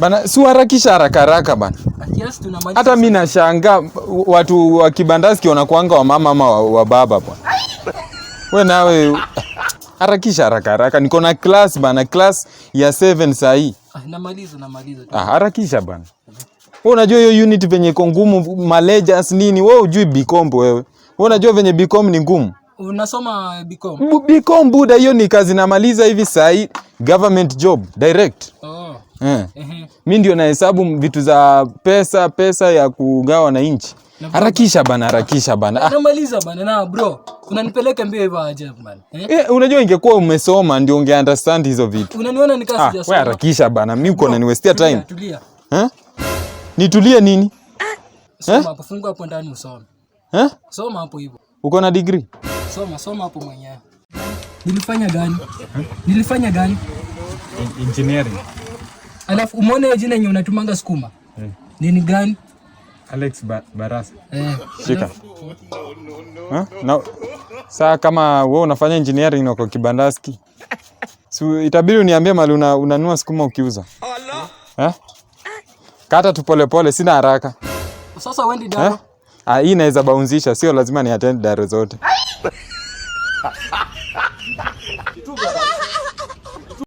Bana, si harakisha haraka haraka bana. Hata mimi nashangaa watu wa Kibandaski wanakuanga wa mama ama wa, wa baba bwana. Wewe nawe harakisha haraka haraka, niko na class bana, class ya 7 saa hii. Ah, namaliza namaliza. Ah, harakisha bana. Wewe mhm. unajua hiyo unit venye iko ngumu, malejas nini, wewe ujui Bicom wewe. Wewe unajua venye Bicom ni ngumu. Unasoma Bicom. Bicom buda, hiyo ni kazi namaliza hivi saa hii, government job direct. Oh. Eh. Mimi ndio nahesabu vitu za pesa pesa ya kugawa na inchi. Harakisha bana, harakisha bana. Ah. Namaliza bana na bro. Unanipeleka mbio hivyo ajabu bana. Eh? Eh, unajua ingekuwa umesoma ndio unge understand hizo vitu. Unaniona nikaa sijasoma. Ah, wewe harakisha bana. Mimi uko unaniwestia time. Tulia. Eh? Nitulie nini? Soma eh? hapo, funga hapo ndani usome. Eh? Soma hapo hivyo. Uko na degree? Soma, soma hapo mwenyewe. Nilifanya gani? Nilifanya gani? Engineering. Alafu umeona jina yenye unatumanga sukuma eh. nini gani? Alex ba Barasa eh. Shika na saa kama wewe unafanya engineering na uko kibandaski so, itabidi uniambie mali una, unanua sukuma ukiuza eh? Kata tu polepole, sina haraka sasa. Wendi daro eh? Ah, hii inaweza baunzisha, sio lazima ni attend dare zote